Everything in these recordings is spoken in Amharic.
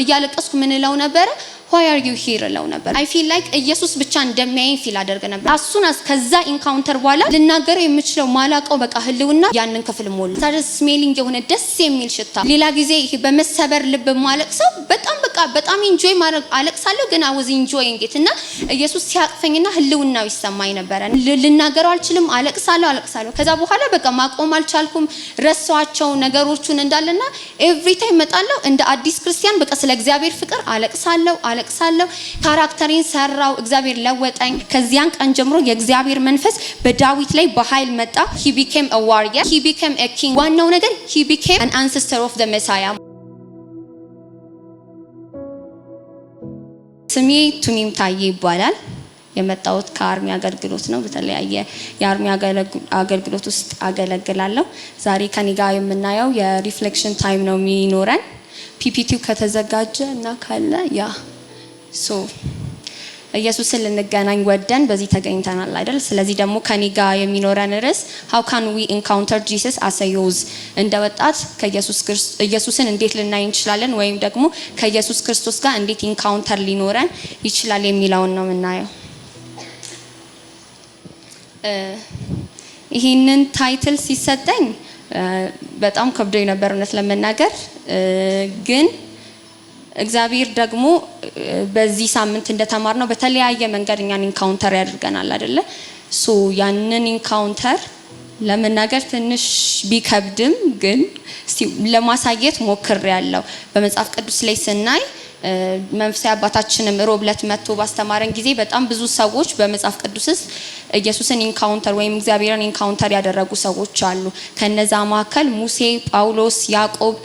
እያለቀስኩ ምን ነበረ ዋይ አር ዩ ሂር እለው ነበር። አይ ፊል ላይክ ኢየሱስ ብቻ እንደሚያየኝ ፊል አደርግ ነበር። አሱን ከዛ ኢንካውንተር በኋላ ልናገረው የምችለው ማላቀው በቃ ህልውና ያንን ክፍል ሞሉ ሳደ ስሜሊንግ የሆነ ደስ የሚል ሽታ። ሌላ ጊዜ ይሄ በመሰበር ልብ ማለቅ ሰው በጣም በቃ በጣም ኢንጆይ ማድረግ አለቅሳለሁ፣ ግን አወዝ ኢንጆይ እንጌት እና ኢየሱስ ሲያቅፈኝና ህልውናው ይሰማኝ ነበረ። ልናገረው አልችልም፣ አለቅሳለሁ አለቅሳለሁ። ከዛ በኋላ በቃ ማቆም አልቻልኩም። ረሳኋቸው ነገሮቹን እንዳለና ኤቭሪ መጣለሁ እንደ አዲስ ክርስቲያን በቃ ስለ እግዚአብሔር ፍቅር አለቅሳለሁ አለቅሳለሁ። ካራክተሬን ሰራው፣ እግዚአብሔር ለወጠኝ። ከዚያን ቀን ጀምሮ የእግዚአብሔር መንፈስ በዳዊት ላይ በኃይል መጣ። ሂ ቢኬም አ ዋሪየር፣ ሂ ቢኬም አ ኪንግ። ዋናው ነገር ሂ ቢኬም አን አንሴስተር ኦፍ ዘ መሳያ። ስሜ ቱሚም ታዬ ይባላል። የመጣሁት ከአርሚ አገልግሎት ነው። በተለያየ የአርሚ አገልግሎት ውስጥ አገለግላለሁ። ዛሬ ከኔ ጋር የምናየው የሪፍሌክሽን ታይም ነው የሚኖረን። ፒፒቲው ከተዘጋጀ እና ካለ ያ ኢየሱስን ልንገናኝ ወደን በዚህ ተገኝተናል አይደል? ስለዚህ ደግሞ ከኔ ጋር የሚኖረን ርዕስ ሃው ካን ዊ ኢንካውንተር ጂሰስ አስ ዩዝ፣ እንደ ወጣት ኢየሱስን እንዴት ልናይ እንችላለን ወይም ደግሞ ከኢየሱስ ክርስቶስ ጋር እንዴት ኢንካውንተር ሊኖረን ይችላል የሚለውን ነው የምናየው። ይህንን ታይትል ሲሰጠኝ በጣም ከብዶ የነበር እውነት ለመናገር ግን እግዚአብሔር ደግሞ በዚህ ሳምንት እንደተማር ነው በተለያየ መንገድ እኛን ኢንካውንተር ያደርገናል አይደለ? ሶ ያንን ኢንካውንተር ለመናገር ትንሽ ቢከብድም ግን ለማሳየት ሞክር ያለው በመጽሐፍ ቅዱስ ላይ ስናይ መንፈሳዊ አባታችንም ሮብ ዕለት መጥቶ ባስተማረን ጊዜ በጣም ብዙ ሰዎች በመጽሐፍ ቅዱስስ ኢየሱስን ኢንካውንተር ወይም እግዚአብሔርን ኢንካውንተር ያደረጉ ሰዎች አሉ። ከነዛ መካከል ሙሴ፣ ጳውሎስ፣ ያዕቆብ፣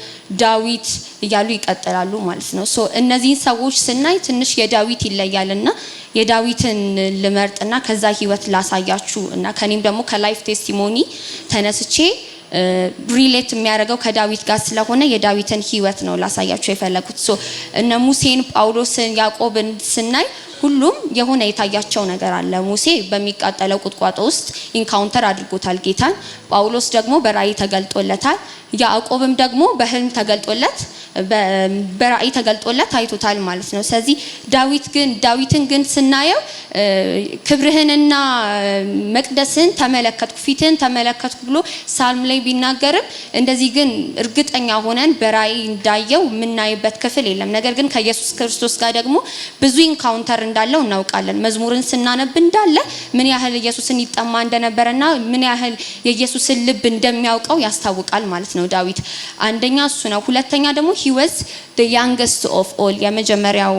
ዳዊት እያሉ ይቀጥላሉ ማለት ነው። ሶ እነዚህን ሰዎች ስናይ ትንሽ የዳዊት ይለያል እና የዳዊትን ልመርጥና ከዛ ህይወት ላሳያችሁ እና ከኔም ደግሞ ከላይፍ ቴስቲሞኒ ተነስቼ ሪሌት የሚያደርገው ከዳዊት ጋር ስለሆነ የዳዊትን ህይወት ነው ላሳያቸው የፈለጉት እነ ሙሴን፣ ጳውሎስን፣ ያዕቆብን ስናይ ሁሉም የሆነ የታያቸው ነገር አለ። ሙሴ በሚቃጠለው ቁጥቋጦ ውስጥ ኢንካውንተር አድርጎታል ጌታን። ጳውሎስ ደግሞ በራእይ ተገልጦለታል። ያዕቆብም ደግሞ በህልም ተገልጦለት በራእይ ተገልጦለት አይቶታል ማለት ነው። ስለዚህ ዳዊት ግን ዳዊትን ግን ስናየው ክብርህንና መቅደስን ተመለከትኩ፣ ፊትህን ተመለከትኩ ብሎ ሳልም ላይ ቢናገርም እንደዚህ ግን እርግጠኛ ሆነን በራእይ እንዳየው የምናይበት ክፍል የለም። ነገር ግን ከኢየሱስ ክርስቶስ ጋር ደግሞ ብዙ ኢንካውንተር እንዳለው እናውቃለን። መዝሙርን ስናነብ እንዳለ ምን ያህል ኢየሱስን ይጠማ እንደነበረና ምን ያህል የኢየሱስን ልብ እንደሚያውቀው ያስታውቃል ማለት ነው ዳዊት። አንደኛ እሱ ነው። ሁለተኛ ደግሞ ሂ ወዝ ዘ ያንገስት ኦፍ ኦል የመጀመሪያው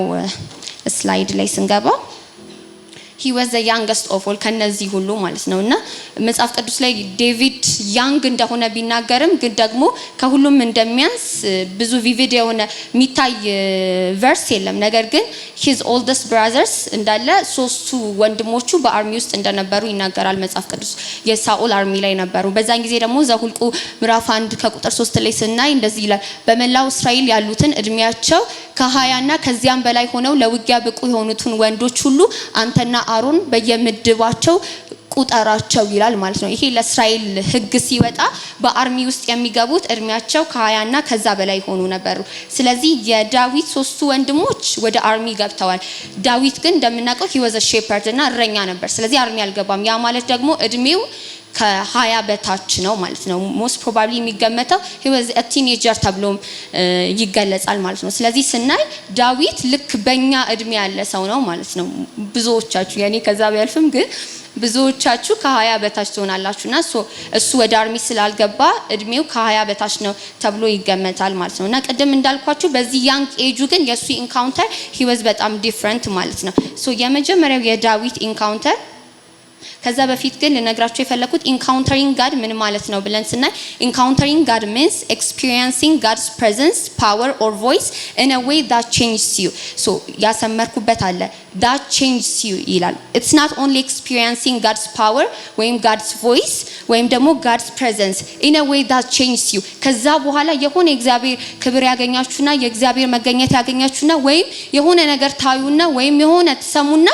ስላይድ uh, ላይ ስንገባ ሂ ወዝ ዘ ያንገስት ኦፍ ኦል ከነዚህ ሁሉ ማለት ነው። እና መጽሐፍ ቅዱስ ላይ ዴቪድ ያንግ እንደሆነ ቢናገርም ግን ደግሞ ከሁሉም እንደሚያንስ ብዙ ቪቪድ የሆነ የሚታይ ቨርስ የለም። ነገር ግን ሂዝ ኦልደስት ብራዘርስ እንዳለ ሶስቱ ወንድሞቹ በአርሚ ውስጥ እንደነበሩ ይናገራል መጽሐፍ ቅዱስ። የሳኦል አርሚ ላይ ነበሩ። በዛን ጊዜ ደግሞ ዘሁልቁ ምዕራፍ አንድ ከቁጥር ሶስት ላይ ስናይ እንደዚህ ይላል በመላው እስራኤል ያሉትን እድሜያቸው ከሀያና ከዚያም በላይ ሆነው ለውጊያ ብቁ የሆኑትን ወንዶች ሁሉ አንተና አሮን በየምድባቸው ቁጠራቸው ይላል ማለት ነው። ይሄ ለእስራኤል ሕግ ሲወጣ በአርሚ ውስጥ የሚገቡት እድሜያቸው ከሀያና ከዛ በላይ ሆኑ ነበሩ። ስለዚህ የዳዊት ሶስቱ ወንድሞች ወደ አርሚ ገብተዋል። ዳዊት ግን እንደምናውቀው ሂወዘ ሼፐርድ እና እረኛ ነበር። ስለዚህ አርሚ አልገባም። ያ ማለት ደግሞ እድሜው ከሀያ በታች ነው ማለት ነው። ሞስት ፕሮባብሊ የሚገመተው ቲኔጀር ተብሎም ይገለጻል ማለት ነው። ስለዚህ ስናይ ዳዊት ልክ በእኛ እድሜ ያለ ሰው ነው ማለት ነው። ብዙዎቻችሁ የኔ ከዛ ቢያልፍም ግን ብዙዎቻችሁ ከሀያ በታች ትሆናላችሁ እና እሱ ወደ አርሚ ስላልገባ እድሜው ከሀያ በታች ነው ተብሎ ይገመታል ማለት ነው እና ቅድም እንዳልኳችሁ በዚህ ያንግ ኤጁ ግን የእሱ ኢንካውንተር ሂወዝ በጣም ዲፍረንት ማለት ነው። የመጀመሪያው የዳዊት ኢንካውንተር ከዛ በፊት ግን ልነግራቸው የፈለኩት ኢንካውንተሪንግ ጋድ ምን ማለት ነው ብለን ስናይ ኢንካውንተሪንግ ጋድ ሚንስ ኤክስፒሪየንሲንግ ጋድስ ፕሬዘንስ ፓወር ኦር ቮይስ ኢን አ ዌይ ዳት ቼንጅስ ዩ ሶ ያሰመርኩበት አለ ዳት ቼንጅስ ዩ ይላል ኢትስ ናት ኦንሊ ኤክስፒሪየንሲንግ ጋድስ ፓወር ወይም ጋድስ ቮይስ ወይም ደግሞ ጋድስ ፕሬዘንስ ኢን አ ዌይ ዳት ቼንጅስ ዩ ከዛ በኋላ የሆነ የእግዚአብሔር ክብር ያገኛችሁና የእግዚአብሔር መገኘት ያገኛችሁና ወይም የሆነ ነገር ታዩና ወይም የሆነ ትሰሙና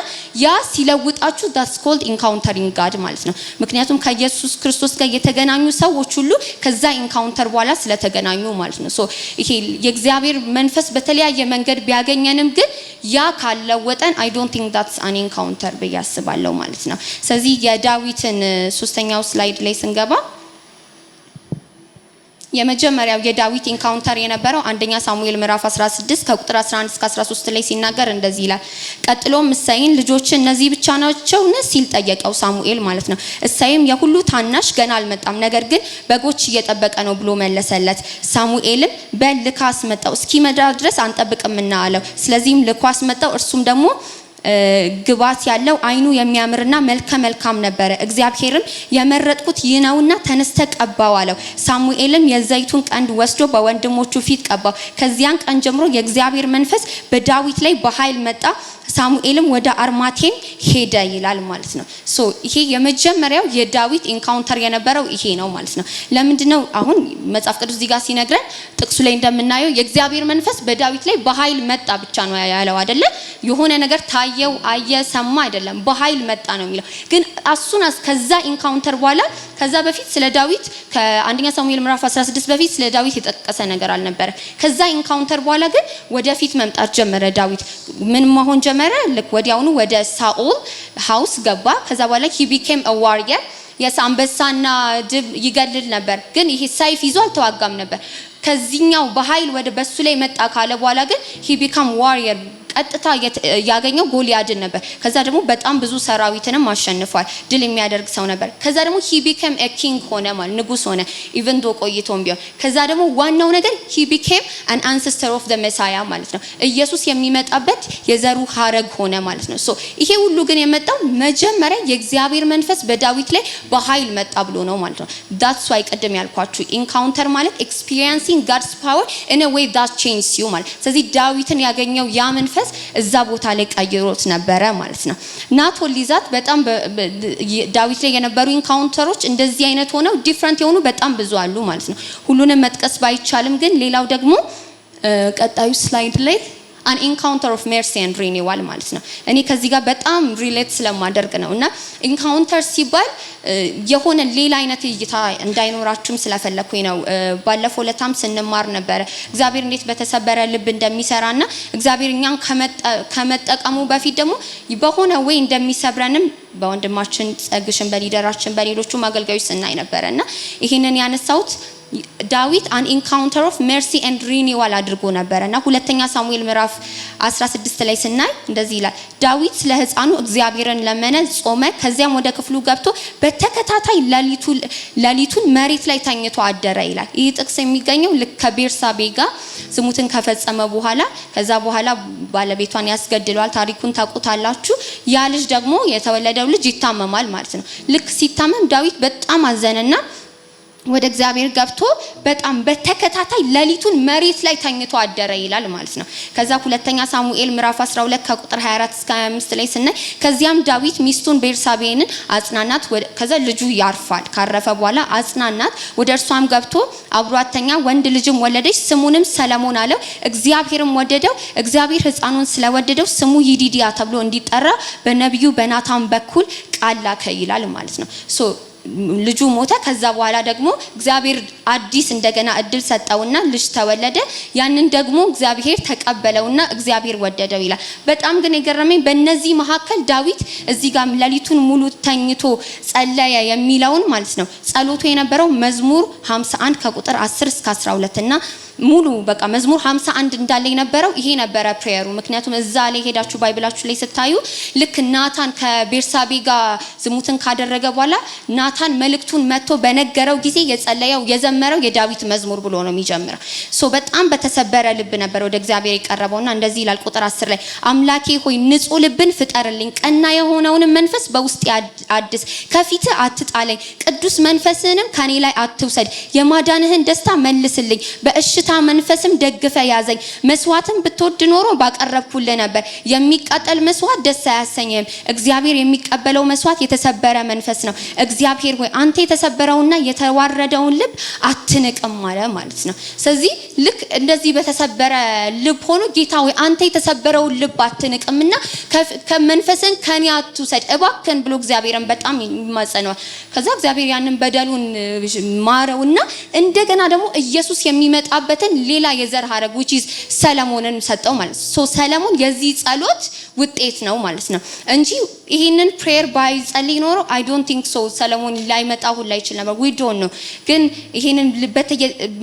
ያ ሲለውጣችሁ ዳትስ ኮልድ ኢንካውንተሪንግ ኢንካውንተሪንግ ጋድ ማለት ነው። ምክንያቱም ከኢየሱስ ክርስቶስ ጋር የተገናኙ ሰዎች ሁሉ ከዛ ኢንካውንተር በኋላ ስለተገናኙ ማለት ነው። ሶ ይሄ የእግዚአብሔር መንፈስ በተለያየ መንገድ ቢያገኘንም ግን ያ ካለወጠን አይ ዶንት ቲንክ ዳትስ አን ኢንካውንተር ብዬ አስባለሁ ማለት ነው። ስለዚህ የዳዊትን ሶስተኛው ስላይድ ላይ ስንገባ የመጀመሪያው የዳዊት ኢንካውንተር የነበረው አንደኛ ሳሙኤል ምዕራፍ 16 ከቁጥር 11 እስከ 13 ላይ ሲናገር እንደዚህ ይላል። ቀጥሎም እሳይን ልጆች እነዚህ ብቻ ናቸውን ሲል ጠየቀው፣ ሳሙኤል ማለት ነው። እሳይም የሁሉ ታናሽ ገና አልመጣም፣ ነገር ግን በጎች እየጠበቀ ነው ብሎ መለሰለት። ሳሙኤልም በል ልካ አስመጣው፣ እስኪመዳ ድረስ አንጠብቅምና አለው። ስለዚህም ልኮ አስመጣው። እርሱም ደግሞ ግባት ያለው አይኑ የሚያምርና መልከ መልካም ነበረ። እግዚአብሔርም የመረጥኩት ይህ ነውና ተነስተ ቀባው አለው። ሳሙኤልም የዘይቱን ቀንድ ወስዶ በወንድሞቹ ፊት ቀባው። ከዚያን ቀን ጀምሮ የእግዚአብሔር መንፈስ በዳዊት ላይ በኃይል መጣ። ሳሙኤልም ወደ አርማቴም ሄደ ይላል ማለት ነው። ሶ ይሄ የመጀመሪያው የዳዊት ኢንካውንተር የነበረው ይሄ ነው ማለት ነው። ለምንድን ነው አሁን መጽሐፍ ቅዱስ እዚህ ጋር ሲነግረን ጥቅሱ ላይ እንደምናየው የእግዚአብሔር መንፈስ በዳዊት ላይ በኃይል መጣ ብቻ ነው ያለው አይደለ? የሆነ ነገር ታ አየው አየ ሰማ አይደለም፣ በኃይል መጣ ነው የሚለው። ግን አሱን ከዛ ኢንካውንተር በኋላ ከዛ በፊት ስለ ዳዊት ከአንደኛ ሳሙኤል ምዕራፍ 16 በፊት ስለ ዳዊት የጠቀሰ ነገር አልነበረ። ከዛ ኢንካውንተር በኋላ ግን ወደፊት መምጣት ጀመረ። ዳዊት ምን መሆን ጀመረ? ልክ ወዲያውኑ ወደ ሳኦል ሀውስ ገባ። ከዛ በኋላ ሂ ቢኬም አ ዋሪየር የአንበሳና ድብ ይገልል ነበር፣ ግን ይሄ ሰይፍ ይዞ አልተዋጋም ነበር። ከዚህኛው በኃይል ወደ በሱ ላይ መጣ ካለ በኋላ ግን ሂ ቢካም ዋሪየር ቀጥታ ያገኘው ጎልያድን ነበር። ከዛ ደግሞ በጣም ብዙ ሰራዊትንም አሸንፏል። ድል የሚያደርግ ሰው ነበር። ከዛ ደግሞ ሂ ቢኬም ኪንግ ሆነ ማለት ንጉስ ሆነ ኢቨን ዶ ቆይቶም ቢሆን። ከዛ ደግሞ ዋናው ነገር ሂ ቢኬም አን አንሰስተር ኦፍ ዘ መሳያ ማለት ነው። ኢየሱስ የሚመጣበት የዘሩ ሀረግ ሆነ ማለት ነው። ሶ ይሄ ሁሉ ግን የመጣው መጀመሪያ የእግዚአብሔር መንፈስ በዳዊት ላይ በኃይል መጣ ብሎ ነው ማለት ነው። ዳትስ ዋይ ቅድም ያልኳችሁ ኢንካውንተር ማለት ኤክስፒሪየንሲንግ ሲን ጋድስ power in a ዳት that ዩ ማለት ስለዚህ ዳዊትን ያገኘው ያ መንፈስ እዛ ቦታ ላይ ቀይሮት ነበረ ማለት ነው። ናት ኦንሊ ዛት በጣም ዳዊት ላይ የነበሩ ኢንካውንተሮች እንደዚህ አይነት ሆነው ዲፍረንት የሆኑ በጣም ብዙ አሉ ማለት ነው። ሁሉንም መጥቀስ ባይቻልም ግን ሌላው ደግሞ ቀጣዩ ስላይድ ላይ አን ኢንካውንተር ኦፍ ሜርሲ ኤንድ ሪኒዋል ማለት ነው። እኔ ከዚህ ጋር በጣም ሪሌት ስለማደርግ ነው እና ኢንካውንተር ሲባል የሆነ ሌላ አይነት እይታ እንዳይኖራችሁም ስለፈለኩኝ ነው። ባለፈው ለታም ስንማር ነበረ እግዚአብሔር እንዴት በተሰበረ ልብ እንደሚሰራና እግዚአብሔር እኛን ከመጠቀሙ በፊት ደግሞ በሆነ ወይ እንደሚሰብረንም በወንድማችን ጸግሽን በሊደራችን በሌሎቹም አገልጋዮች ስናይ ነበረ እና ይህንን ያነሳሁት ዳዊት አን ኢንካውንተር ኦፍ ሜርሲ ኤንድ ሪኒዋል አድርጎ ነበረ እና ሁለተኛ ሳሙኤል ምዕራፍ 16 ላይ ስናይ እንደዚህ ይላል፣ ዳዊት ስለ ሕፃኑ እግዚአብሔርን ለመነ፣ ጾመ። ከዚያም ወደ ክፍሉ ገብቶ በተከታታይ ሌሊቱን መሬት ላይ ተኝቶ አደረ ይላል። ይህ ጥቅስ የሚገኘው ልክ ከቤርሳቤ ጋ ዝሙትን ከፈጸመ በኋላ ከዛ በኋላ ባለቤቷን ያስገድለዋል። ታሪኩን ታውቁታላችሁ። ያ ልጅ ደግሞ የተወለደው ልጅ ይታመማል ማለት ነው። ልክ ሲታመም ዳዊት በጣም አዘነና ወደ እግዚአብሔር ገብቶ በጣም በተከታታይ ሌሊቱን መሬት ላይ ተኝቶ አደረ ይላል ማለት ነው። ከዛ ሁለተኛ ሳሙኤል ምዕራፍ 12 ከቁጥር 24 እስከ 25 ላይ ስናይ ከዚያም ዳዊት ሚስቱን ቤርሳቤንን አጽናናት፣ ከዛ ልጁ ያርፋል። ካረፈ በኋላ አጽናናት፣ ወደ እርሷም ገብቶ አብሯተኛ ወንድ ልጅም ወለደች፣ ስሙንም ሰለሞን አለው። እግዚአብሔርም ወደደው። እግዚአብሔር ሕፃኑን ስለወደደው ስሙ ይዲዲያ ተብሎ እንዲጠራ በነቢዩ በናታን በኩል ቃል ላከ ይላል ማለት ነው። ልጁ ሞተ። ከዛ በኋላ ደግሞ እግዚአብሔር አዲስ እንደገና እድል ሰጠውና ልጅ ተወለደ። ያንን ደግሞ እግዚአብሔር ተቀበለውና እግዚአብሔር ወደደው ይላል። በጣም ግን የገረመኝ በእነዚህ መካከል ዳዊት እዚህ ጋር ሌሊቱን ሙሉ ተኝቶ ጸለየ የሚለውን ማለት ነው ጸሎቱ የነበረው መዝሙር 51 ከቁጥር 10 እስከ 12 እና ሙሉ በቃ መዝሙር 51 እንዳለ የነበረው ይሄ ነበረ ፕሬየሩ። ምክንያቱም እዛ ላይ ሄዳችሁ ባይብላችሁ ላይ ስታዩ ልክ ናታን ከቤርሳቤ ጋር ዝሙትን ካደረገ በኋላ ናታን መልእክቱን መጥቶ በነገረው ጊዜ የጸለየው የዘመረው የዳዊት መዝሙር ብሎ ነው የሚጀምረው። ሶ በጣም በተሰበረ ልብ ነበር ወደ እግዚአብሔር የቀረበውና እንደዚህ ይላል ቁጥር 10 ላይ አምላኬ ሆይ ንጹህ ልብን ፍጠርልኝ፣ ቀና የሆነውንም መንፈስ በውስጤ አድስ፣ ከፊት አትጣለኝ፣ ቅዱስ መንፈስህንም ከኔ ላይ አትውሰድ፣ የማዳንህን ደስታ መልስልኝ በእሽ የደስታ መንፈስም ደግፈ ያዘኝ። መስዋዕትን ብትወድ ኖሮ ባቀረብኩልህ ነበር። የሚቃጠል መስዋዕት ደስ አያሰኝም። እግዚአብሔር የሚቀበለው መስዋዕት የተሰበረ መንፈስ ነው። እግዚአብሔር ሆይ አንተ የተሰበረውና የተዋረደውን ልብ አትንቅም አለ ማለት ነው። ስለዚህ ልክ እንደዚህ በተሰበረ ልብ ሆኖ ጌታ ሆይ አንተ የተሰበረውን ልብ አትንቅምና ከመንፈስን ከኔ አትውሰድ እባክን ብሎ እግዚአብሔርን በጣም ይማጸነዋል። ከዛ እግዚአብሔር ያንን በደሉን ማረውና እንደገና ደግሞ ኢየሱስ የሚመጣበት ያለበትን ሌላ የዘር ሀረግ ዊች is ሰለሞንን ሰጠው ማለት ነው። ሶ ሰለሞን የዚህ ጸሎት ውጤት ነው ማለት ነው እንጂ ይህንን ፕሬየር ጸልይ ኖሮ አይ ዶንት ቲንክ ሶ ሰለሞን ላይመጣ ሁላ ይችል ነበር። ዊ ዶንት ነው ግን ይህንን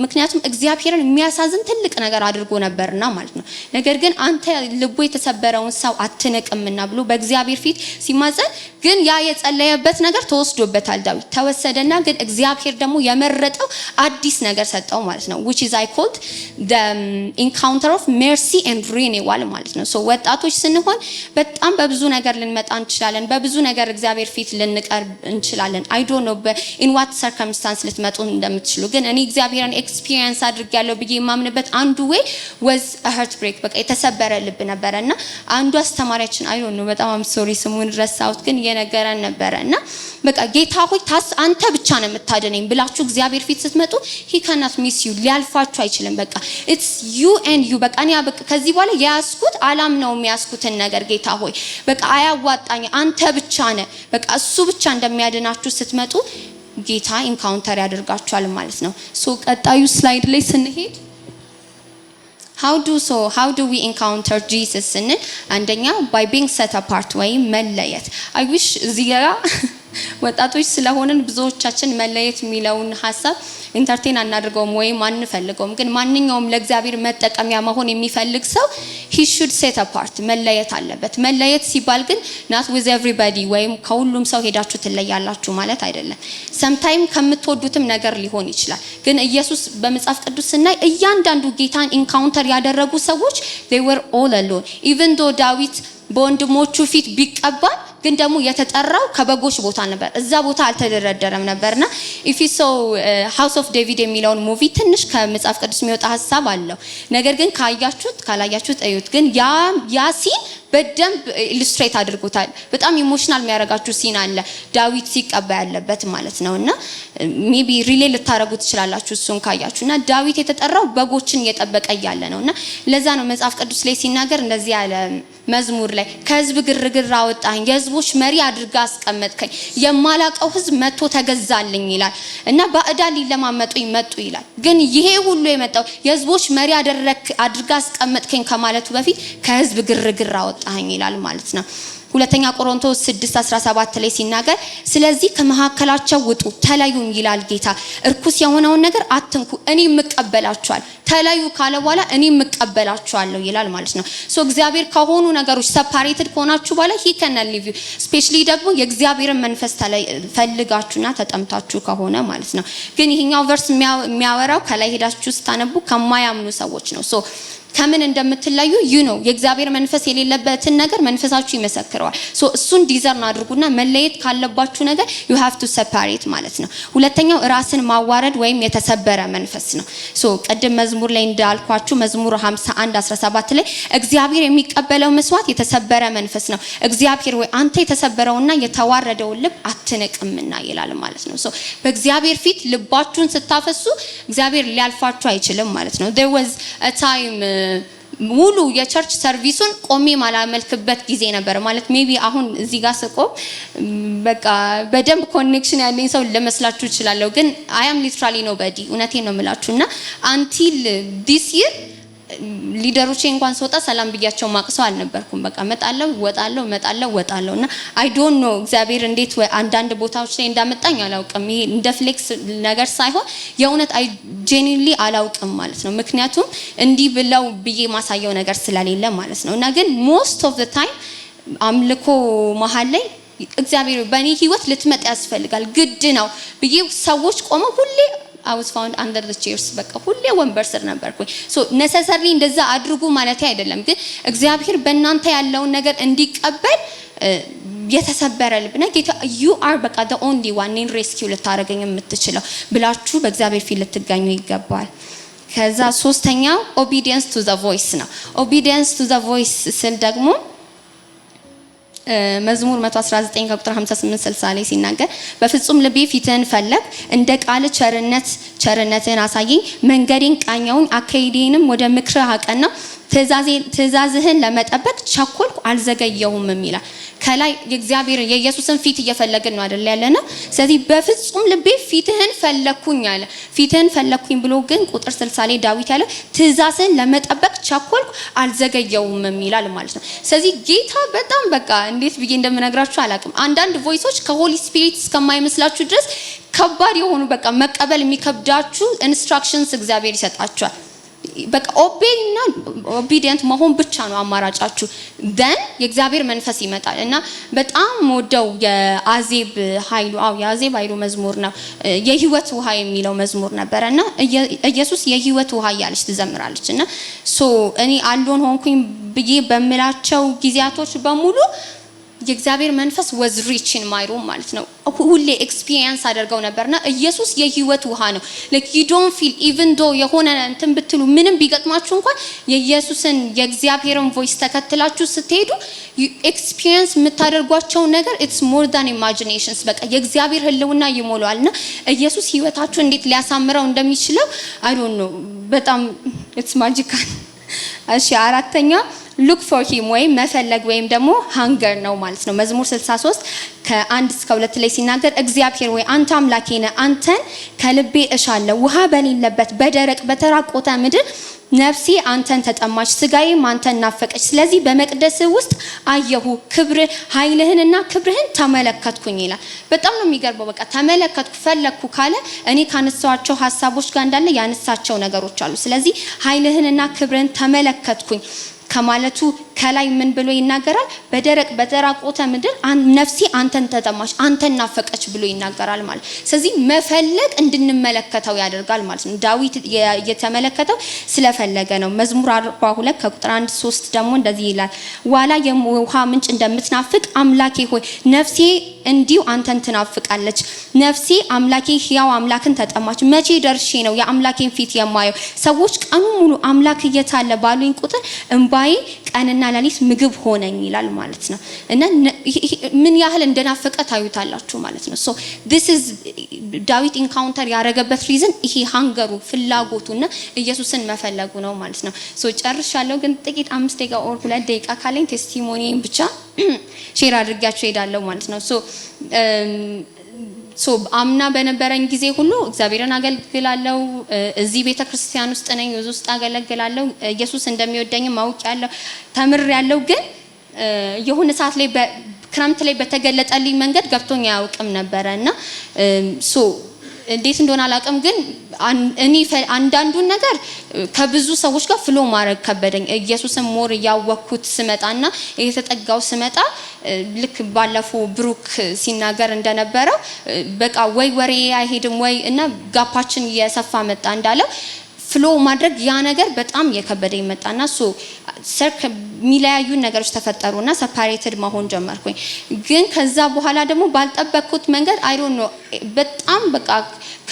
ምክንያቱም እግዚአብሔርን የሚያሳዝን ትልቅ ነገር አድርጎ ነበርና ማለት ነው። ነገር ግን አንተ ልቡ የተሰበረውን ሰው አትንቅምና ብሎ በእግዚአብሔር ፊት ሲማጸን ግን ያ የጸለየበት ነገር ተወስዶበታል። ዳዊት ተወሰደና ግን እግዚአብሔር ደግሞ የመረጠው አዲስ ነገር ሰጠው ማለት ነው which is ሾውድ ኢንካውንተር ኦፍ ሜርሲ ኤንድ ሪኒዋል ማለት ነው። ወጣቶች ስንሆን በጣም በብዙ ነገር ልንመጣ እንችላለን። በብዙ ነገር እግዚአብሔር ፊት ልንቀርብ እንችላለን። አይ ዶንት ኖ ኢን ዋት ሰርከምስታንስ ልትመጡ እንደምትችሉ፣ ግን እኔ እግዚአብሔርን ኤክስፒሪየንስ አድርጌያለሁ ብዬ የማምንበት አንዱ ወይ ወዝ ሀርት ብሬክ በቃ የተሰበረ ልብ ነበረ እና አንዱ አስተማሪያችን አይ ዶንት ኖ በጣም አም ሶሪ ስሙን ረሳሁት፣ ግን እየነገረን ነበረ እና በቃ ጌታ ሆይ ታስ አንተ ብቻ ነው የምታድነኝ ብላችሁ እግዚአብሔር ፊት ስትመጡ ሂ ካናት ሚስ ዩ ሊያልፋችሁ አይችልም። አልችልም። በቃ ኢትስ ዩ ኤንድ ዩ በቃ በቃ ከዚህ በኋላ የያዝኩት አላም ነው የሚያዝኩትን ነገር ጌታ ሆይ በቃ አያዋጣኝ፣ አንተ ብቻ ነህ። በቃ እሱ ብቻ እንደሚያድናችሁ ስትመጡ ጌታ ኢንካውንተር ያደርጋችኋል ማለት ነው። ሶ ቀጣዩ ስላይድ ላይ ስንሄድ ሃው ዱ ሶ ሃው ዱ ዊ ኢንካውንተር ጂሰስ ስንል አንደኛ ባይ ቢንግ ሰት አፓርት ወይም መለየት አይ ዊሽ እዚህ ጋር ወጣቶች ስለሆንን ብዙዎቻችን መለየት የሚለውን ሀሳብ ኢንተርቴን አናድርገውም ወይም አንፈልገውም። ግን ማንኛውም ለእግዚአብሔር መጠቀሚያ መሆን የሚፈልግ ሰው ሂ ሹድ ሴት አፓርት መለየት አለበት። መለየት ሲባል ግን ናት ዊዝ ኤቭሪባዲ ወይም ከሁሉም ሰው ሄዳችሁ ትለያላችሁ ማለት አይደለም። ሰምታይም ከምትወዱትም ነገር ሊሆን ይችላል። ግን ኢየሱስ በመጽሐፍ ቅዱስ ስናይ እያንዳንዱ ጌታን ኢንካውንተር ያደረጉ ሰዎች they were all alone ዳዊት በወንድሞቹ ፊት ቢቀባል ግን ደግሞ የተጠራው ከበጎች ቦታ ነበር። እዛ ቦታ አልተደረደረም ነበርና ኢፊሶ ሃውስ ኦፍ ዴቪድ የሚለውን ሙቪ ትንሽ ከመጽሐፍ ቅዱስ የሚወጣ ሀሳብ አለው። ነገር ግን ካያችሁት ካላያችሁት እዩት። ግን ያ ያ ሲን በደንብ ኢሉስትሬት አድርጎታል። በጣም ኢሞሽናል የሚያደርጋችሁ ሲን አለ፣ ዳዊት ሲቀባ ያለበት ማለት ነው። እና ሜቢ ሪሌ ልታደረጉ ትችላላችሁ እሱን ካያችሁ። እና ዳዊት የተጠራው በጎችን እየጠበቀ እያለ ነው። እና ለዛ ነው መጽሐፍ ቅዱስ ላይ ሲናገር እንደዚህ ያለ መዝሙር ላይ ከህዝብ ግርግር አወጣኝ፣ የህዝቦች መሪ አድርጋ አስቀመጥከኝ፣ የማላቀው ህዝብ መጥቶ ተገዛልኝ ይላል እና ባዕዳ ሊለማመጡኝ መጡ ይላል። ግን ይሄ ሁሉ የመጣው የህዝቦች መሪ አድርጋ አስቀመጥከኝ ከማለቱ በፊት ከህዝብ ግርግር አወጣኝ ይላል ማለት ነው። ሁለተኛ ቆሮንቶስ 6:17 ላይ ሲናገር ስለዚህ ከመካከላቸው ውጡ ተለዩም ይላል ጌታ። እርኩስ የሆነውን ነገር አትንኩ፣ እኔ እቀበላችኋል። ተለዩ ካለ በኋላ እኔ እቀበላችኋለሁ ይላል ማለት ነው። ሶ እግዚአብሔር ከሆኑ ነገሮች ሰፓሬትድ ከሆናችሁ በኋላ ሂ ከነ ሊቭ ዩ ስፔሻሊ ደግሞ የእግዚአብሔርን መንፈስ ፈልጋችሁና ተጠምታችሁ ከሆነ ማለት ነው። ግን ይሄኛው ቨርስ የሚያወራው ከላይ ሄዳችሁ ስታነቡ ከማያምኑ ሰዎች ነው ሶ ከምን እንደምትለዩ ዩ ነው። የእግዚአብሔር መንፈስ የሌለበትን ነገር መንፈሳችሁ ይመሰክረዋል። ሶ እሱን ዲዘርን አድርጉና መለየት ካለባችሁ ነገር ዩ ሃቭ ቱ ሰፓሬት ማለት ነው። ሁለተኛው ራስን ማዋረድ ወይም የተሰበረ መንፈስ ነው። ሶ ቅድም መዝሙር ላይ እንዳልኳችሁ መዝሙር 51 17 ላይ እግዚአብሔር የሚቀበለው መስዋዕት የተሰበረ መንፈስ ነው። እግዚአብሔር ወይ አንተ የተሰበረውና የተዋረደውን ልብ አትንቅምና ይላል ማለት ነው። ሶ በእግዚአብሔር ፊት ልባችሁን ስታፈሱ እግዚአብሔር ሊያልፋችሁ አይችልም ማለት ነው። there was a time ሙሉ የቸርች ሰርቪሱን ቆሜ ማላመልክበት ጊዜ ነበር። ማለት ሜቢ አሁን እዚህ ጋር ስቆም በቃ በደንብ ኮኔክሽን ያለኝ ሰው ልመስላችሁ እችላለሁ፣ ግን አይ አም ሊትራሊ ኖ በዲ እውነቴ ነው የምላችሁ እና አንቲል ዲስ ይር ሊደሮቼ እንኳን ስወጣ ሰላም ብያቸው ማቅሰው አልነበርኩም። በቃ መጣለው ወጣለው እመጣለሁ፣ ወጣለው እና አይ ዶንት ኖ እግዚአብሔር እንዴት አንዳንድ ቦታዎች ላይ እንዳመጣኝ አላውቅም። ይሄ እንደ ፍሌክስ ነገር ሳይሆን የእውነት አይ ጄኒንሊ አላውቅም ማለት ነው። ምክንያቱም እንዲህ ብለው ብዬ ማሳየው ነገር ስለሌለ ማለት ነው። እና ግን ሞስት ኦፍ ዘ ታይም አምልኮ መሀል ላይ እግዚአብሔር በእኔ ህይወት ልትመጣ ያስፈልጋል ግድ ነው ብዬ ሰዎች ቆመው ሁሌ አውስ ፋውንድ አንደር ዘ ቼርስ በቃ ሁሌ ወንበር ስር ነበርኩኝ። ሶ ነሰሰሪ እንደዛ አድርጉ ማለት አይደለም፣ ግን እግዚአብሔር በእናንተ ያለውን ነገር እንዲቀበል የተሰበረ ልብ ነው። ጌታ ዩ አር በቃ ዘ ኦንሊ ዋን ኔን ሬስኪው ልታደርገኝ የምትችለው ብላችሁ በእግዚአብሔር ፊት ልትገኙ ይገባል። ከዛ ሶስተኛው ኦቢዲየንስ ቱ ዘ ቮይስ ነው። ኦቢዲየንስ ቱ ዘ ቮይስ ስል ደግሞ መዝሙር 119 ከቁጥር 58 60 ላይ ሲናገር በፍጹም ልቤ ፊትህን ፈለግ እንደ ቃል ቸርነት ቸርነትን አሳየኝ መንገዴን ቃኛውን አካሄዴንም ወደ ምክርህ አቀና ትእዛዝህን ለመጠበቅ ቸኮልኩ አልዘገየሁም ይላል። ከላይ የእግዚአብሔር የኢየሱስን ፊት እየፈለግን ነው አይደል ያለና፣ ስለዚህ በፍጹም ልቤ ፊትህን ፈለግኩኝ አለ። ፊትህን ፈለግኩኝ ብሎ ግን ቁጥር ስልሳ ላይ ዳዊት ያለው ትእዛዝህን ለመጠበቅ ቸኮልኩ አልዘገየውም ይላል ማለት ነው። ስለዚህ ጌታ በጣም በቃ እንዴት ብዬ እንደምነግራችሁ አላውቅም። አንዳንድ ቮይሶች ከሆሊ ስፒሪት እስከማይመስላችሁ ድረስ ከባድ የሆኑ በቃ መቀበል የሚከብዳችሁ ኢንስትራክሽንስ እግዚአብሔር ይሰጣችኋል። በቃ ኦቤይ ኦቢዲየንት መሆን ብቻ ነው አማራጫችሁ። ደን የእግዚአብሔር መንፈስ ይመጣል እና በጣም ወደው የአዜብ ኃይሉ አው የአዜብ ኃይሉ መዝሙር ነው የህይወት ውሃ የሚለው መዝሙር ነበረ እና ኢየሱስ የህይወት ውሃ እያለች ትዘምራለች እና ሶ እኔ አሎን ሆንኩኝ ብዬ በምላቸው ጊዜያቶች በሙሉ የእግዚአብሔር መንፈስ ወዝ ሪች ኢን ማይ ሩም ማለት ነው። ሁሌ ኤክስፒሪየንስ አደርገው ነበርና ኢየሱስ የህይወት ውሃ ነው። ላይክ ዩ ዶንት ፊል ኢቭን ዶ የሆነ እንትን ብትሉ ምንም ቢገጥማችሁ እንኳን የኢየሱስን የእግዚአብሔርን ቮይስ ተከትላችሁ ስትሄዱ ኤክስፒሪየንስ የምታደርጓቸው ነገር ኢትስ ሞር ዳን ኢማጂኔሽንስ በቃ የእግዚአብሔር ህልውና ይሞላልና ኢየሱስ ህይወታችሁ እንዴት ሊያሳምረው እንደሚችለው አይ ዶንት ኖ በጣም ኢትስ ማጂካል። እሺ አራተኛ ሉክ ፎር ሂም ወይም መፈለግ ወይም ደግሞ ሃንገር ነው ማለት ነው። መዝሙር 63 ከአንድ እስከ ሁለት ላይ ሲናገር እግዚአብሔር ወይ አንተ አምላኬ ነህ፣ አንተን ከልቤ እሻለሁ። ውሃ በሌለበት በደረቅ በተራቆተ ምድር ነፍሴ አንተን ተጠማች፣ ስጋዬም አንተን ናፈቀች። ስለዚህ በመቅደስ ውስጥ አየሁ ክብር ኃይልህንና ክብርህን ተመለከትኩኝ ይላል። በጣም ነው የሚገርመው። በቃ ተመለከትኩ ፈለግኩ ካለ እኔ ካነሳቸው ሀሳቦች ጋር እንዳለ ያነሳቸው ነገሮች አሉ። ስለዚህ ኃይልህንና ክብርህን ተመለከትኩኝ ከማለቱ ከላይ ምን ብሎ ይናገራል? በደረቅ በተራቆተ ምድር ነፍሴ አንተን ተጠማች፣ አንተን ናፈቀች ብሎ ይናገራል ማለት። ስለዚህ መፈለግ እንድንመለከተው ያደርጋል ማለት ነው። ዳዊት የተመለከተው ስለፈለገ ነው። መዝሙር 42 ከቁጥር 1 3 ደግሞ እንደዚህ ይላል፣ ዋላ የውሃ ምንጭ እንደምትናፍቅ አምላኬ ሆይ ነፍሴ እንዲሁ አንተን ትናፍቃለች። ነፍሴ አምላኬ ሕያው አምላክን ተጠማች። መቼ ደርሼ ነው የአምላኬን ፊት የማየው? ሰዎች ቀኑ ሙሉ አምላክ እየታለ ባሉኝ ቁጥር እንባ ልባዬ ቀንና ለሊት ምግብ ሆነኝ ይላል ማለት ነው። እና ምን ያህል እንደናፈቀ ታዩታላችሁ ማለት ነው። ሶ ዲስ ኢዝ ዳዊት ኢንካውንተር ያደረገበት ሪዝን ይሄ ሃንገሩ ፍላጎቱና ኢየሱስን መፈለጉ ነው ማለት ነው። ሶ ጨርሻለሁ፣ ግን ጥቂት አምስት ደቂቃ ኦር ሁለት ደቂቃ ካለኝ ቴስቲሞኒን ብቻ ሼር አድርጊያችሁ ሄዳለሁ ማለት ነው ሶ um, አምና በነበረኝ ጊዜ ሁሉ እግዚአብሔርን አገልግላለሁ። እዚህ ቤተ ክርስቲያን ውስጥ ነኝ፣ ብዙ ውስጥ አገለግላለሁ። ኢየሱስ እንደሚወደኝም አውቄያለሁ፣ ተምሬያለሁ። ግን የሆነ ሰዓት ላይ ክረምት ላይ በተገለጠልኝ መንገድ ገብቶኝ አያውቅም ነበረ እና እንዴት እንደሆነ አላውቅም ግን እኔ አንዳንዱን ነገር ከብዙ ሰዎች ጋር ፍሎ ማድረግ ከበደኝ። ኢየሱስን ሞር እያወቅኩት ስመጣና እየተጠጋው ስመጣ ልክ ባለፈው ብሩክ ሲናገር እንደነበረው በቃ ወይ ወሬ አይሄድም ወይ እና ጋፓችን እየሰፋ መጣ እንዳለው ፍሎ ማድረግ ያ ነገር በጣም የከበደኝ መጣና ሶ ሰርክ የሚለያዩ ነገሮች ተፈጠሩና ሰፓሬትድ መሆን ጀመርኩኝ። ግን ከዛ በኋላ ደግሞ ባልጠበቅኩት መንገድ አይዶን ነው በጣም በቃ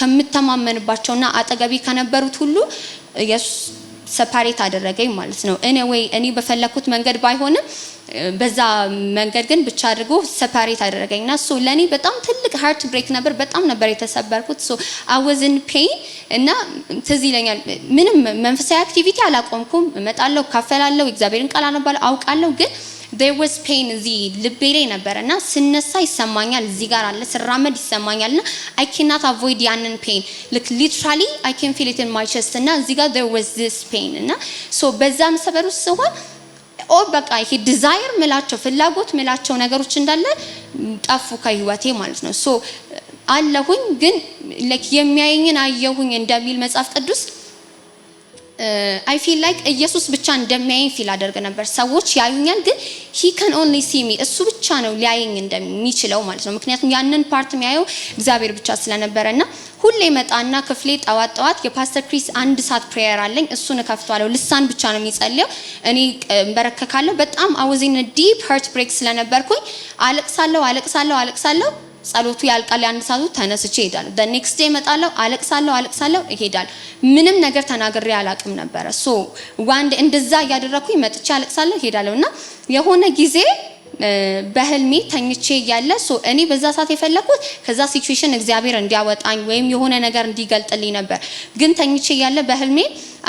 ከምተማመንባቸውና አጠገቢ ከነበሩት ሁሉ ኢየሱስ ሰፓሬት አደረገኝ ማለት ነው። እኔ ወይ እኔ በፈለኩት መንገድ ባይሆንም በዛ መንገድ ግን ብቻ አድርጎ ሰፓሬት አደረገኝ ሶ ለኔ በጣም ትልቅ ሃርት ብሬክ ነበር። በጣም ነበር የተሰበርኩት። ሶ አወዝን ፔይን እና ትዝ ይለኛል ምንም መንፈሳዊ አክቲቪቲ አላቆምኩም። እመጣለሁ፣ ካፈላለሁ፣ እግዚአብሔርን ቃል አነባለሁ፣ አውቃለሁ ግን there was pain እዚህ ልቤ ላይ ነበር እና ስነሳ ይሰማኛል፣ እዚህ ጋር አለ፣ ስራመድ ይሰማኛል እና I cannot avoid ያንን pain like literally I can feel it in my chest እና እዚህ ጋር there was this pain እና so በዛም ሰበር ውስጥ ሲሆን ኦር በቃ ይሄ ዲዛየር ምላቸው ፍላጎት ምላቸው ነገሮች እንዳለ ጠፉ ከህይወቴ ማለት ነው። ሶ አለሁኝ ግን ላይክ የሚያየኝን አየሁኝ እንደሚል መጽሐፍ ቅዱስ አይ ፊል ላይክ ኢየሱስ ብቻ እንደሚያየኝ ፊል አደርግ ነበር። ሰዎች ያዩኛል፣ ግን ሂ ከን ኦንሊ ሲ ሚ እሱ ብቻ ነው ሊያየኝ እንደሚችለው ማለት ነው። ምክንያቱም ያንን ፓርት የሚያየው እግዚአብሔር ብቻ ስለነበረ እና ሁሌ መጣና ክፍሌ ጠዋት ጠዋት የፓስተር ክሪስ አንድ ሰዓት ፕሬየር አለኝ። እሱን እከፍተዋለሁ። ልሳን ብቻ ነው የሚጸልየው፣ እኔ እንበረከካለሁ። በጣም አወዜን ዲፕ ሀርት ብሬክ ስለነበርኩኝ አለቅሳለሁ፣ አለቅሳለሁ፣ አለቅሳለሁ ጸሎቱ ያልቃል። የአንድ ሰዓቱ ተነስቼ ዘ ኔክስት ዴይ እመጣለሁ፣ አለቅሳለሁ፣ አለቅሳለሁ፣ ይሄዳል። ምንም ነገር ተናግሬ አላቅም ነበረ። ሶ ዋንድ እንደዛ እያደረኩኝ መጥቼ አለቅሳለሁ፣ እሄዳለሁ እና የሆነ ጊዜ በህልሜ ተኝቼ እያለ እኔ በዛ ሰዓት የፈለኩት ከዛ ሲቹዌሽን እግዚአብሔር እንዲያወጣኝ ወይም የሆነ ነገር እንዲገልጥልኝ ነበር። ግን ተኝቼ እያለ በህልሜ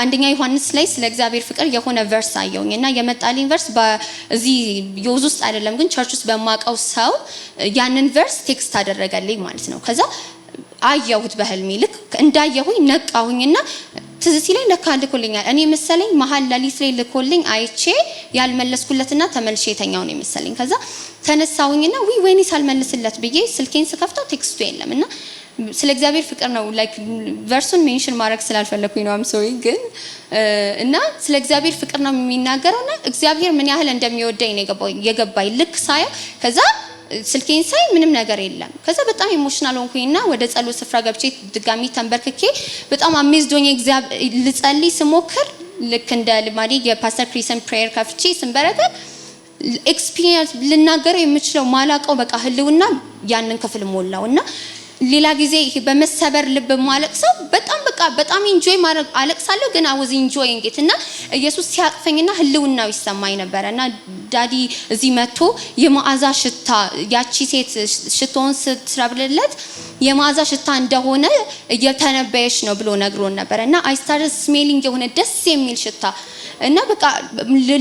አንደኛ ዮሐንስ ላይ ስለ እግዚአብሔር ፍቅር የሆነ ቨርስ አየውኝ እና የመጣልኝ ቨርስ እዚህ የውዝ ውስጥ አይደለም ግን ቸርች ውስጥ በማውቀው ሰው ያንን ቨርስ ቴክስት አደረገልኝ ማለት ነው። ከዛ አየሁት በህልሜ ልክ እንዳየሁኝ ነቃሁኝና ትዝ ሲለኝ ለካ ልኮልኛል። እኔ መሰለኝ መሀል ለሊት ላይ ልኮልኝ አይቼ ያልመለስኩለትና ተመልሼ የተኛው ነው መሰለኝ። ከዛ ተነሳውኝና ዊ ወይኔ ሳልመልስለት ብዬ ስልኬን ስከፍተው ቴክስቱ የለም እና ስለ እግዚአብሔር ፍቅር ነው ላይክ ቨርሱን ሜንሽን ማድረግ ስላልፈለኩኝ ነው አም አምሶይ ግን እና ስለ እግዚአብሔር ፍቅር ነው የሚናገረውና እግዚአብሔር ምን ያህል እንደሚወደኝ ነው የገባኝ ልክ ሳየው ከዛ ስልኬን ሳይ ምንም ነገር የለም። ከዛ በጣም ኢሞሽናል ሆንኩኝና ወደ ጸሎት ስፍራ ገብቼ ድጋሚ ተንበርክኬ በጣም አሜዝድ እግዚአብሔር ልጸልይ ስሞክር ልክ እንደ ልማዴ የፓስተር ክሪስን ፕሬየር ከፍቼ ስንበረከት ኤክስፒሪየንስ ልናገረው የምችለው ማላቀው በቃ ህልውና ያንን ክፍል ሞላው እና ሌላ ጊዜ ይሄ በመሰበር ልብ ማለቅ ሰው በጣም በቃ በጣም ኢንጆይ ማድረግ አለቅሳለሁ፣ ግን አወዝ ኢንጆይንግ ኢት እና ኢየሱስ ሲያቅፈኝና ህልውናው ይሰማኝ ነበረ እና ዳዲ እዚህ መጥቶ የመዓዛ ሽታ ያቺ ሴት ሽቶን ስትረብልለት የመዓዛ ሽታ እንደሆነ እየተነበየች ነው ብሎ ነግሮን ነበረ እና አይ ስታርት ስሜሊንግ የሆነ ደስ የሚል ሽታ እና በቃ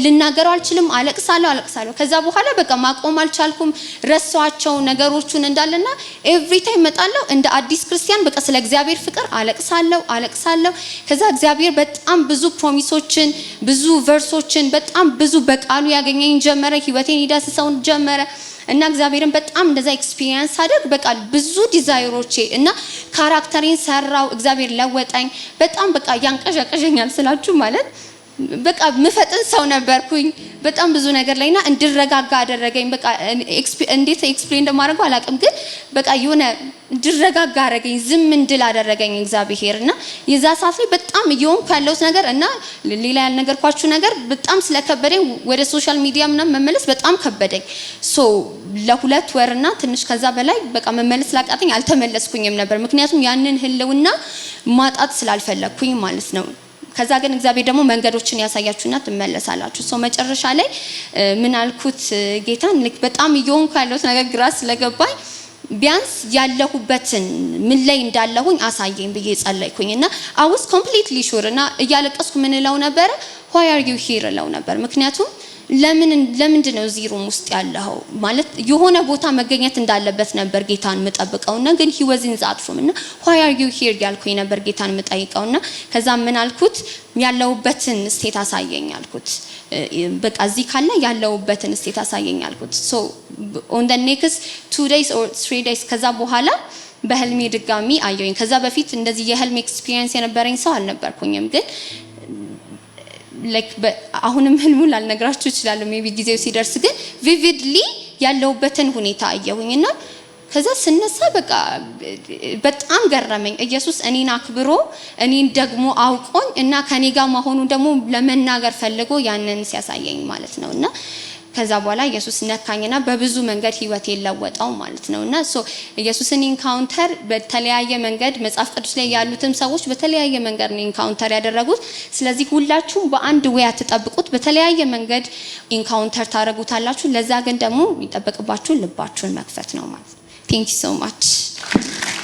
ልናገረው አልችልም፣ አለቅሳለሁ አለቅሳለሁ። ከዛ በኋላ በቃ ማቆም አልቻልኩም። ረሳኋቸው ነገሮቹን እንዳለና ኤቭሪ ታይም እመጣለሁ እንደ አዲስ ክርስቲያን በቃ ስለ እግዚአብሔር ፍቅር አለቅሳለሁ አለቅሳለሁ። ከዛ እግዚአብሔር በጣም ብዙ ፕሮሚሶችን፣ ብዙ ቨርሶችን፣ በጣም ብዙ በቃሉ ያገኘኝ ጀመረ። ህይወቴን ይዳስሰውን ጀመረ። እና እግዚአብሔርን በጣም እንደዛ ኤክስፒሪየንስ አደርግ በቃ ብዙ ዲዛይሮቼ እና ካራክተሬን ሰራው። እግዚአብሔር ለወጠኝ በጣም በቃ ያንቀዣቀዣኛል ስላችሁ ማለት በቃ ምፈጥን ሰው ነበርኩኝ። በጣም ብዙ ነገር ላይና እንድረጋጋ አደረገኝ። በቃ እንዴት ኤክስፕሌን እንደማደርገው አላውቅም፣ ግን በቃ የሆነ እንድረጋጋ አደረገኝ፣ ዝም እንድል አደረገኝ እግዚአብሔር እና የዛ ሰዓት ላይ በጣም እየሆንኩ ያለሁት ነገር እና ሌላ ያልነገርኳችሁ ነገር በጣም ስለከበደኝ ወደ ሶሻል ሚዲያ ምናምን መመለስ በጣም ከበደኝ። ሶ ለሁለት ወርና ትንሽ ከዛ በላይ በቃ መመለስ ስላቃተኝ አልተመለስኩኝም ነበር፣ ምክንያቱም ያንን ህልውና ማጣት ስላልፈለግኩኝ ማለት ነው። ከዛ ግን እግዚአብሔር ደግሞ መንገዶችን ያሳያችሁና ትመለሳላችሁ። ሰው መጨረሻ ላይ ምን አልኩት ጌታን ልክ በጣም እየሆንኩ ያለሁት ነገር ግራ ስለገባኝ ቢያንስ ያለሁበትን ምን ላይ እንዳለሁኝ አሳየኝ ብዬ ጸለይኩኝ እና አውስ ኮምፕሊትሊ ሹር እና እያለቀስኩ ምን እለው ነበረ ዋይ አር ዩ ሂር እለው ነበር ምክንያቱም ለምን ለምንድን ነው እዚህ ሩም ውስጥ ያለው? ማለት የሆነ ቦታ መገኘት እንዳለበት ነበር ጌታን የምጠብቀውና ግን ሂ ወዝ እና why are you here ያልኩኝ ነበር ጌታን የምጠይቀውና ከዛ ምን አልኩት ያለውበትን ስቴት አሳየኝ አልኩት። በቃ እዚህ ካለ ያለውበትን ስቴት አሳየኝ አልኩት። ሶ ኦን ዘ ኔክስት ቱ ዴይስ ኦር ትሪ ዴይስ ከዛ በኋላ በህልሜ ድጋሚ አየሁኝ። ከዛ በፊት እንደዚህ የህልም ኤክስፒሪየንስ የነበረኝ ሰው አልነበርኩኝም ግን አሁንም ህልሙን ላልነግራችሁ እችላለሁ። ቢ ጊዜው ሲደርስ ግን ቪቪድሊ ያለውበትን ሁኔታ አየሁኝ እና ከዛ ስነሳ በቃ በጣም ገረመኝ። ኢየሱስ እኔን አክብሮ እኔን ደግሞ አውቆኝ እና ከኔ ጋር መሆኑ ደግሞ ለመናገር ፈልጎ ያንን ሲያሳየኝ ማለት ነው እና ከዛ በኋላ ኢየሱስ ነካኝና በብዙ መንገድ ህይወት የለወጠው ማለት ነው። እና ሶ ኢየሱስን ኢንካውንተር በተለያየ መንገድ መጽሐፍ ቅዱስ ላይ ያሉትም ሰዎች በተለያየ መንገድ ነው ኢንካውንተር ያደረጉት። ስለዚህ ሁላችሁም በአንድ ወይ አትጠብቁት፣ በተለያየ መንገድ ኢንካውንተር ታደርጉታላችሁ። ለዛ ግን ደግሞ የሚጠበቅባችሁ ልባችሁን መክፈት ነው ማለት ነው። ቴንክ ዩ ሶ ማች